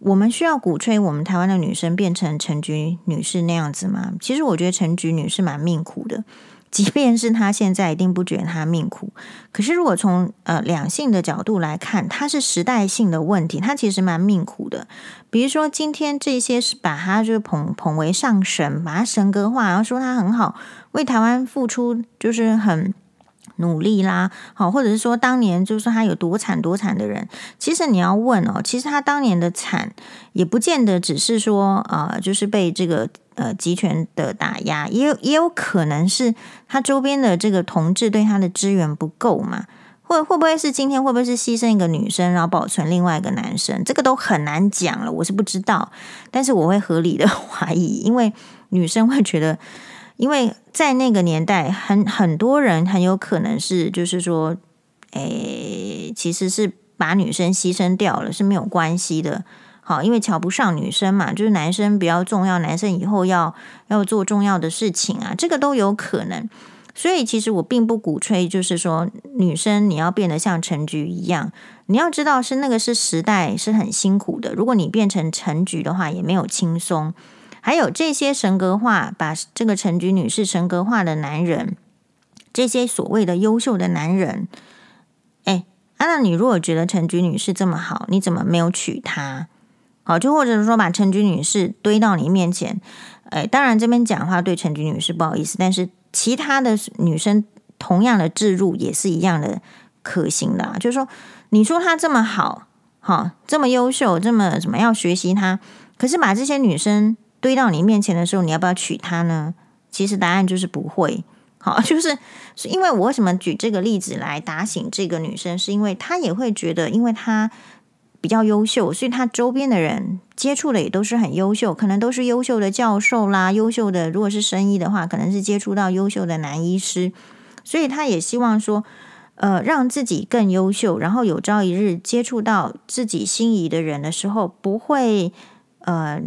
我們需要鼓吹我們台灣的女生變成陳菊女士那樣子嗎？其實我覺得陳菊女士蠻命苦的，即便是她現在一定不覺得她命苦，可是如果從呃兩性的角度來看，她是時代性的問題，她其實蠻命苦的。比如說今天這些是把她就捧捧為上神，把她神格化，然後說她很好，為台灣付出就是很。努力啦，好，或者是說當年就是說他有多慘多慘的人，其實你要問哦，其實他當年的慘也不見得只是說呃，就是被這個呃集權的打壓，也有也有可能是他周邊的這個同志對他的資源不夠嘛，會，會不會是今天會不會是犧牲一個女生然後保存另外一個男生，這個都很難講了，我是不知道，但是我會合理的懷疑，因為女生會覺得。因為在那個年代，很很多人很有可能是，就是說，誒、哎，其實是把女生犧牲掉了是沒有關係的。好，因為瞧不上女生嘛，就是男生比較重要，男生以後要要做重要的事情啊，這個都有可能。所以，其實我並不鼓吹，就是說女生你要變得像陳菊一樣，你要知道是那個是時代是很辛苦的。如果你變成陳菊的話，也沒有輕鬆。還有這些神格化，把這個陳菊女士神格化的男人，這些所謂的優秀的男人，哎，那你如果覺得陳菊女士這麼好，你怎麼沒有娶她？好，就或者說把陳菊女士堆到你面前，誒當然這邊講話對陳菊女士不好意思，但是其他的女生同樣的置入也是一樣的可行的啊，就是說你說她這麼好，哈，這麼優秀，這麼什麼要學習她，可是把這些女生，堆到你面前的時候，你要不要娶她呢？其實答案就是不會。好，就是是因為我為什麼舉這個例子來打醒這個女生，是因為她也會覺得，因為她比較優秀，所以她周邊的人接觸的也都是很優秀，可能都是優秀的教授啦，優秀的如果是生醫的話，可能是接觸到優秀的男醫師，所以她也希望說，呃，讓自己更優秀，然後有朝一日接觸到自己心儀的人的時候，不會呃。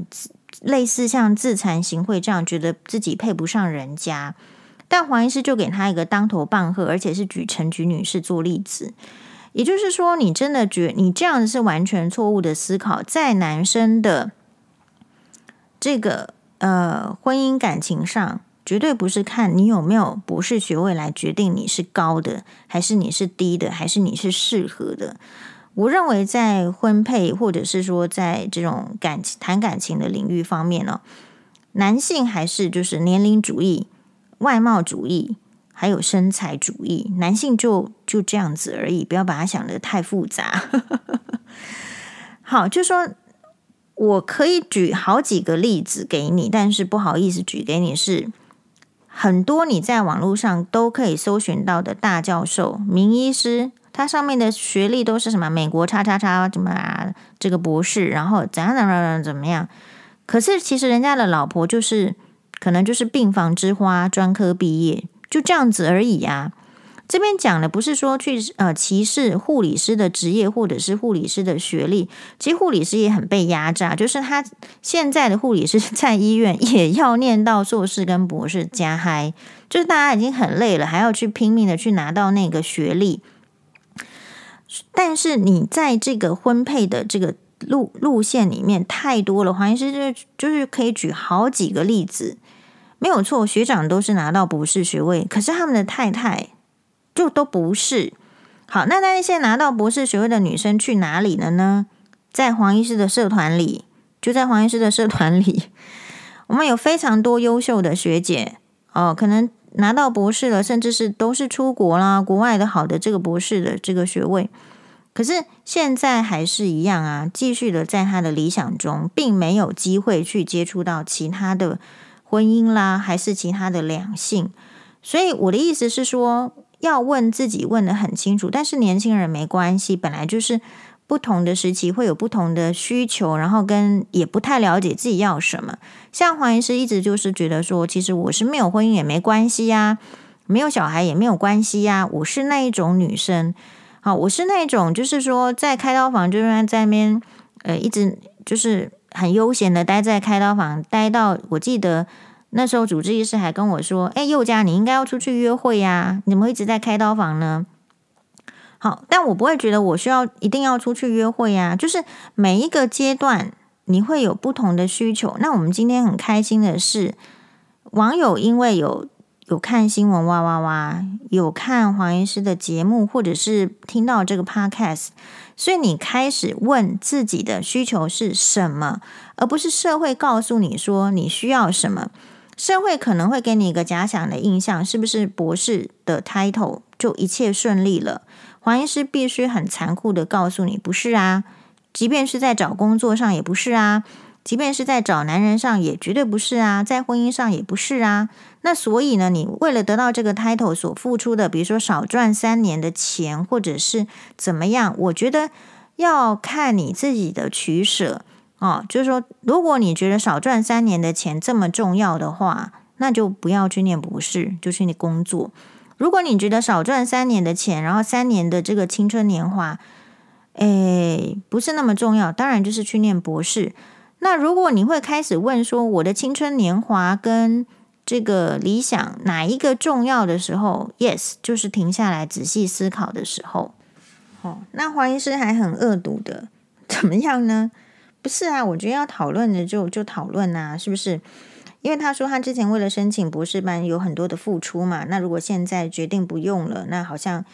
類似像自慚形穢這樣，覺得自己配不上人家，但黃醫師就給他一個當頭棒喝，而且是舉陳菊女士做例子。也就是說，你真的覺你這樣子是完全錯誤的思考，在男生的這個呃，婚姻感情上，絕對不是看你有沒有博士學位來決定你是高的，還是你是低的，還是你是適合的。我認為，在婚配或者是說在這種感情談感情的領域方面呢，哦，男性還是就是年齡主義、外貌主義，還有身材主義，男性就就這樣子而已，不要把它想得太複雜。 好，就說我可以舉好幾個例子給你，但是不好意思，舉給你是很多你在網絡上都可以搜尋到的大教授、名醫師。他上面的學歷都是什麼美國叉叉叉怎麼啊，這個博士，然後怎樣怎樣怎樣怎麼樣？可是其實人家的老婆就是可能就是病房之花，專科畢業就這樣子而已啊。這邊講的不是說去呃歧視護理師的職業，或者是護理師的學歷。其實護理師也很被壓榨，就是他現在的護理師在醫院也要念到碩士跟博士加嗨，就是大家已經很累了，還要去拼命的去拿到那個學歷。但是你在這個婚配的這個路路線裡面太多了，黃醫師就就是可以舉好幾個例子，沒有錯，學長都是拿到博士學位，可是他們的太太就都不是。好，那那些拿到博士學位的女生去哪裡了呢？在黃醫師的社團裡，就在黃醫師的社團裡，我們有非常多優秀的學姐哦，可能。拿到博士了，甚至是都是出國啦，國外的好的這個博士的這個學位，可是現在還是一樣啊，繼續的在他的理想中，並沒有機會去接觸到其他的婚姻啦，還是其他的兩性，所以我的意思是說，要問自己問得很清楚，但是年輕人沒關係，本來就是不同的時期會有不同的需求，然後跟也不太了解自己要什麼。像黃醫師一直就是覺得說，其實我是沒有婚姻也沒關係呀、啊，沒有小孩也沒有關係呀、啊，我是那一種女生。好，我是那一種，就是說在開刀房，就是在那邊，呃，一直就是很悠閒的待在開刀房，待到我記得那時候主治醫師還跟我說：“哎、欸，宥嘉，你應該要出去約會呀、啊，你怎麼會一直在開刀房呢？”好，但我不會覺得我需要一定要出去約會呀、啊，就是每一個階段。你會有不同的需求。那我們今天很開心的是，網友因為有有看新聞哇哇哇，有看黃醫師的節目，或者是聽到這個 podcast，所以你開始問自己的需求是什麼，而不是社會告訴你說你需要什麼。社會可能會給你一個假想的印象，是不是博士的 title 就一切順利了？黃醫師必須很殘酷的告訴你，不是啊。即便是在找工作上也不是啊，即便是在找男人上也絕對不是啊，在婚姻上也不是啊。那所以呢，你為了得到這個 title 所付出的，比如說少賺三年的錢，或者是怎麼樣，我覺得要看你自己的取捨哦。就是說，如果你覺得少賺三年的錢這麼重要的話，那就不要去念博士，就去、是、你工作。如果你覺得少賺三年的錢，然後三年的這個青春年華，誒，不是那麼重要，當然就是去念博士。那如果你會開始問說，我的青春年華跟這個理想哪一個重要的時候，嗯，yes，就是停下來仔細思考的時候。哦，那華醫師還很惡毒的，怎麼樣呢？不是啊，我覺得要討論的就就討論啊，是不是？因為他說他之前為了申請博士班有很多的付出嘛，那如果現在決定不用了，那好像。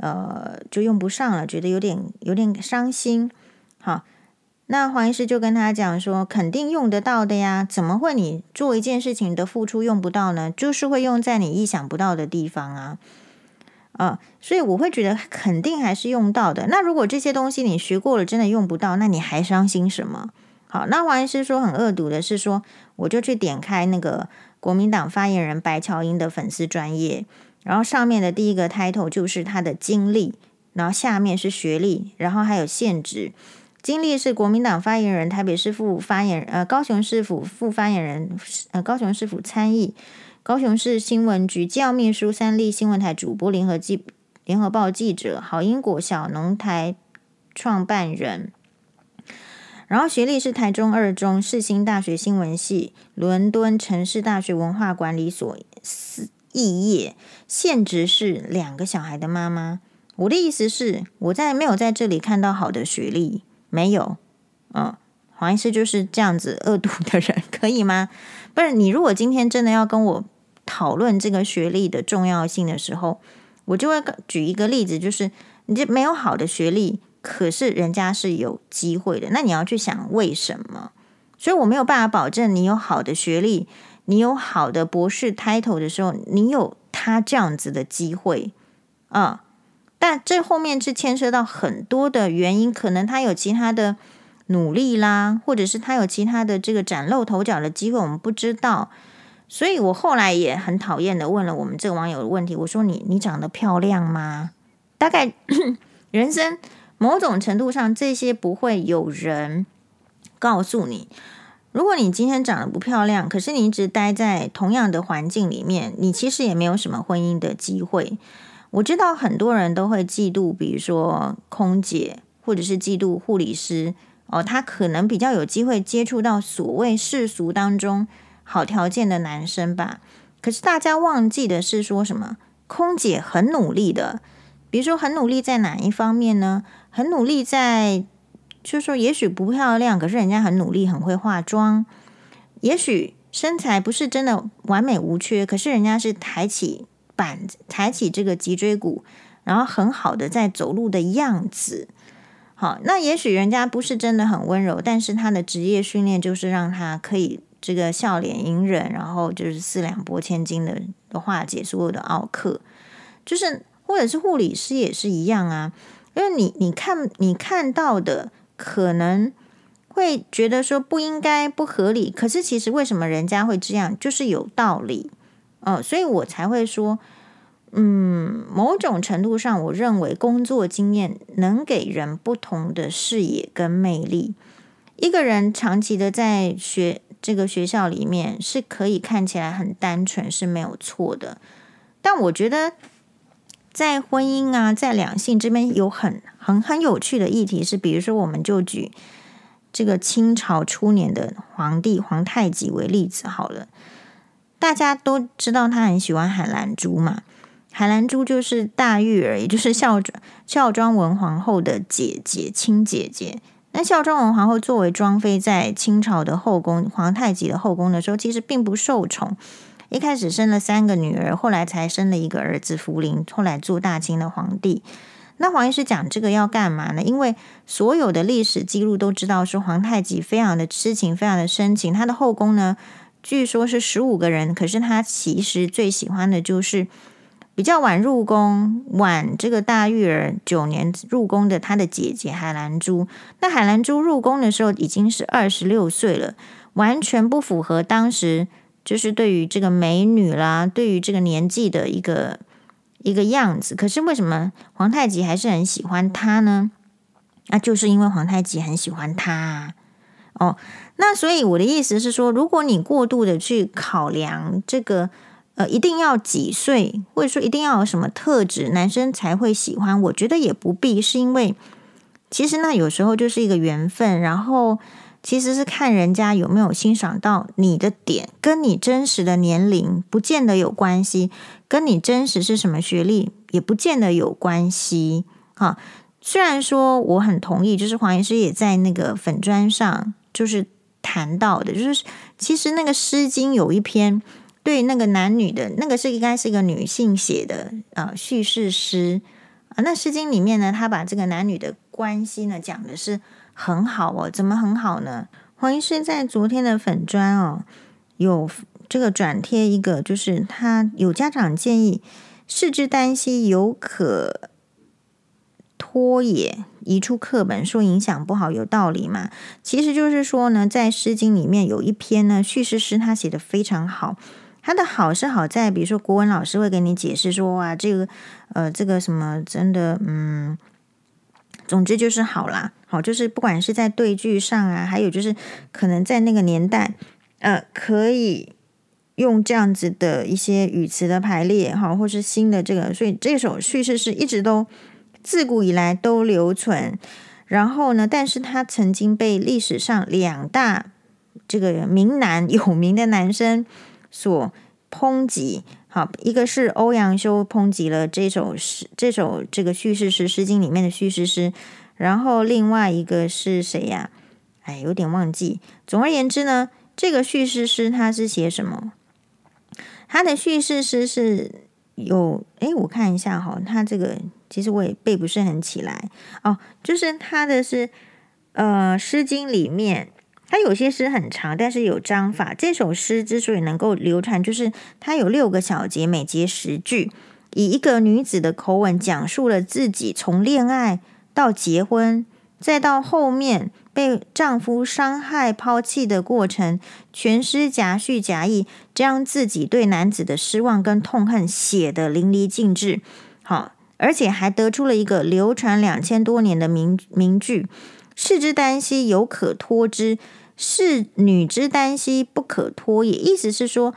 呃，就用不上了，覺得有點有點傷心。好，那黃醫師就跟他講說，肯定用得到的呀，怎麼會你做一件事情的付出用不到呢？就是會用在你意想不到的地方啊。啊、呃，所以我會覺得肯定還是用到的。那如果這些東西你學過了，真的用不到，那你還傷心什麼？好，那黃醫師說很惡毒的是說，我就去點開那個國民黨發言人白喬英的粉絲專頁。然後上面的第一個 title 就是他的經歷，然後下面是學歷，然後還有現職。經歷是國民黨發言人、台北市府發言人、呃高雄市府副發言人、呃高雄市府參議、高雄市新聞局教秘書、三立新聞台主播、聯合記、聯合報記者、好英國小農台創辦人。然後學歷是台中二中、世新大學新聞系、倫敦城市大學文化管理所。四異業現職是兩個小孩的媽媽。我的意思是，我在沒有在這裡看到好的學歷，沒有。嗯、哦，黃醫師就是這樣子惡毒的人，可以嗎？不然，你如果今天真的要跟我討論這個學歷的重要性的時候，我就會舉一個例子，就是你這沒有好的學歷，可是人家是有機會的。那你要去想為什麼？所以我沒有辦法保證你有好的學歷。你有好的博士 title 的時候，你有他這樣子的機會啊、哦，但這後面是牽涉到很多的原因，可能他有其他的努力啦，或者是他有其他的這個嶄露頭角的機會，我們不知道。所以我後來也很討厭的問了我們這個網友的問題，我說你：“你你長得漂亮嗎？”大概 人生某種程度上，這些不會有人告訴你。如果你今天長得不漂亮，可是你一直待在同樣的環境裡面，你其實也沒有什麼婚姻的機會。我知道很多人都會嫉妒，比如說空姐或者是嫉妒護理師哦，他可能比較有機會接觸到所謂世俗當中好條件的男生吧。可是大家忘記的是說什麼？空姐很努力的，比如說很努力在哪一方面呢？很努力在。就是說，也許不漂亮，可是人家很努力，很會化妝。也許身材不是真的完美無缺，可是人家是抬起板子，抬起這個脊椎骨，然後很好的在走路的樣子。好，那也許人家不是真的很溫柔，但是他的職業訓練就是讓他可以這個笑臉迎人，然後就是四兩撥千斤的化解所有的奧客，就是或者是護理師也是一樣啊，因為你你看你看到的。可能會覺得說不應該不合理，可是其實為什麼人家會這樣，就是有道理，嗯，所以我才會說，嗯，某種程度上，我認為工作經驗能給人不同的視野跟魅力。一個人長期的在學這個學校裡面，是可以看起來很單純，是沒有錯的，但我覺得。在婚姻啊，在兩性這邊有很很很有趣的議題是，比如說我們就舉這個清朝初年的皇帝皇太極為例子好了。大家都知道他很喜歡海蘭珠嘛，海蘭珠就是大玉兒，也就是孝孝莊文皇後的姐姐，親姐姐。那孝莊文皇后作為莊妃，在清朝的後宮，皇太極的後宮的時候，其實並不受寵。一開始生了三個女兒，後來才生了一個兒子福臨，後來做大清的皇帝。那黃醫師講這個要幹嘛呢？因為所有的歷史記錄都知道，是皇太極非常的痴情，非常的深情。他的後宮呢，據說是十五個人，可是他其實最喜歡的就是比較晚入宮，晚這個大玉兒九年入宮的他的姐姐海蘭珠。那海蘭珠入宮的時候已經是二十六歲了，完全不符合當時。就是對於這個美女啦，對於這個年紀的一個一個樣子，可是為什麼皇太極還是很喜歡她呢？那、啊、就是因為皇太極很喜歡她、啊、哦。那所以我的意思是說，如果你過度的去考量這個，呃，一定要幾歲，或者說一定要有什麼特質，男生才會喜歡，我覺得也不必，是因為其實那有時候就是一個緣分，然後。其實是看人家有沒有欣賞到你的點，跟你真實的年齡不見得有關係，跟你真實是什麼學歷也不見得有關係啊。雖然說我很同意，就是黃醫師也在那個粉專上就是談到的，就是其實那個《詩經》有一篇對那個男女的那個是應該是一個女性寫的啊敘事詩啊。那《詩經》裡面呢，他把這個男女的關係呢講的是。很好哦，怎麼很好呢？黃醫生在昨天的粉專哦，有這個轉貼一個，就是他有家長建議“士之耽兮，猶可說也”，移出課本說影響不好，有道理嘛。其實就是說呢，在《詩經》裡面有一篇呢，敘事詩他寫得非常好，他的好是好在，比如說，國文老師會給你解釋說啊，這個呃，這個什麼真的嗯，總之就是好啦。就是不管是在對句上啊，還有就是可能在那個年代，呃，可以用這樣子的一些語詞的排列哈，或是新的這個，所以這首敘事詩一直都自古以來都留存。然後呢，但是他曾經被歷史上兩大這個名男有名的男生所抨擊。好，一個是歐陽修抨擊了這首詩，這首這個敘事詩，《詩經》裡面的敘事詩。然後另外一個是誰呀、啊？哎，有點忘記。總而言之呢，這個敘事詩它是寫什麼？它的敘事詩是有哎，我看一下哈，它這個其實我也背不是很起來哦。就是它的是呃，《詩經》裡面它有些詩很長，但是有章法。這首詩之所以能夠流傳，就是它有六個小節，每節十句，以一個女子的口吻講述了自己從戀愛。到結婚，再到後面被丈夫傷害拋棄的過程，全詩夾敘夾議，將自己對男子的失望跟痛恨寫得淋漓盡致。好，而且還得出了一個流傳兩千多年的名名句：“士之耽兮，猶可脫之；士女之耽兮，不可脫也。”意思是說。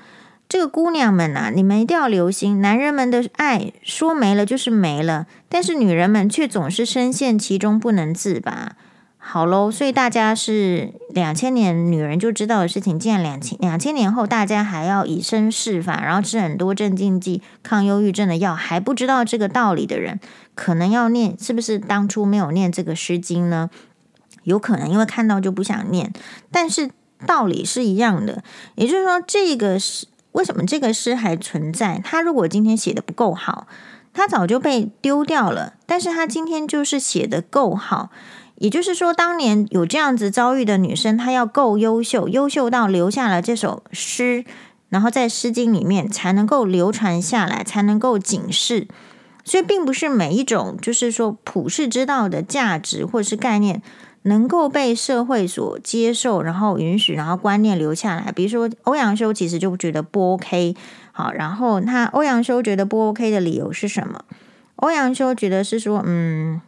這個姑娘們吶、啊，你們一定要留心，男人們的愛說沒了就是沒了，但是女人們卻總是深陷其中不能自拔。好嘍，所以大家是兩千年女人就知道的事情，既然兩千兩千年後大家還要以身試法，然後吃很多鎮靜劑、抗憂鬱症的藥，還不知道這個道理的人，可能要念，是不是當初沒有念這個《詩經》呢？有可能因為看到就不想念，但是道理是一樣的，也就是說，這個是。為什麼這個詩還存在？他如果今天寫的不夠好，他早就被丟掉了。但是他今天就是寫的夠好，也就是說，當年有這樣子遭遇的女生，她要夠優秀，優秀到留下了這首詩，然後在《詩經》裡面才能夠流傳下來，才能夠警示。所以，並不是每一種就是說普世之道的價值或是概念。能夠被社會所接受，然後允許，然後觀念留下來。比如說歐陽修其實就覺得不 OK，好，然後他歐陽修覺得不 OK 的理由是什麼？歐陽修覺得是說，嗯，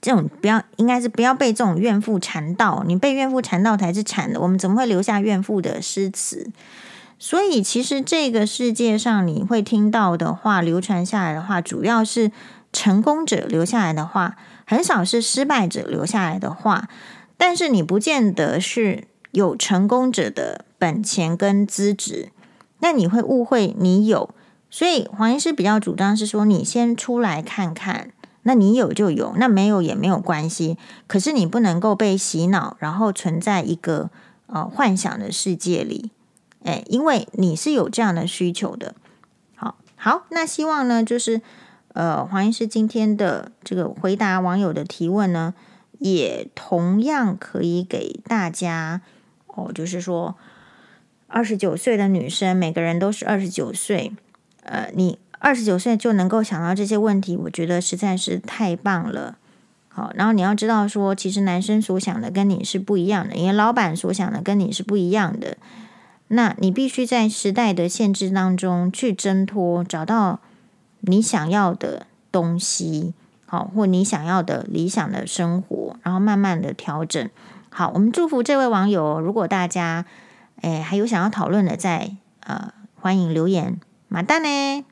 這種不要應該是不要被這種怨婦纏到，你被怨婦纏到才是慘的。我們怎麼會留下怨婦的詩詞？所以其實這個世界上你會聽到的話，流傳下來的話，主要是成功者留下來的話。很少是失敗者留下來的話，但是你不見得是有成功者的本錢跟資質，那你會誤會你有，所以黃醫師比較主張是說，你先出來看看，那你有就有，那沒有也沒有關係，可是你不能夠被洗腦，然後存在一個呃幻想的世界裡，誒、哎，因為你是有這樣的需求的。好，好，那希望呢就是。呃，黃醫師今天的這個回答網友的提問呢，也同樣可以給大家哦，就是說，二十九歲的女生，每個人都是二十九歲，呃，你二十九歲就能夠想到這些問題，我覺得實在是太棒了。好，然後你要知道說，其實男生所想的跟你是不一樣的，因為老闆所想的跟你是不一樣的，那你必須在時代的限制當中去掙脫，找到，你想要的東西，好，哦，或你想要的理想的生活，然後慢慢的調整。好，我們祝福這位網友。如果大家，哎，還有想要討論的，在呃，歡迎留言。馬蛋呢？